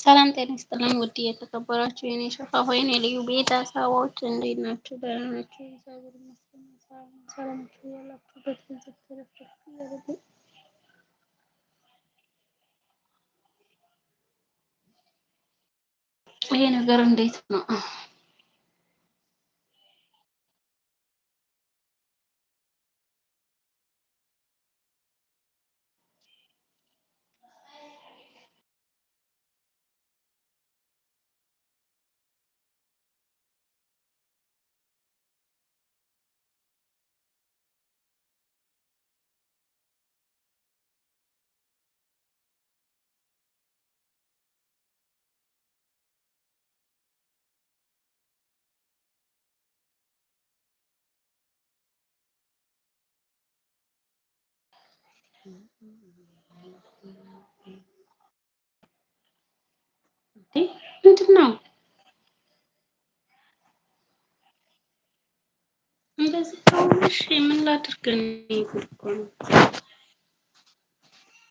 ሰላም ጤና ይስጥልን ውድ የተከበራችሁ የኔ ሸፋ ሆይን የልዩ ቤተሰቦች እንዴት ናችሁ? ደህና ናችሁ? እግዚአብሔር ይመስገን ሰላም ያላችሁበት ገንዘብ ተረፍረፍ ያደርጉ። ይሄ ነገር እንዴት ነው? ምንድን ነው እንደዚህ? እሺ ምን ላድርግ? እኔ ጉድ እኮ ነው።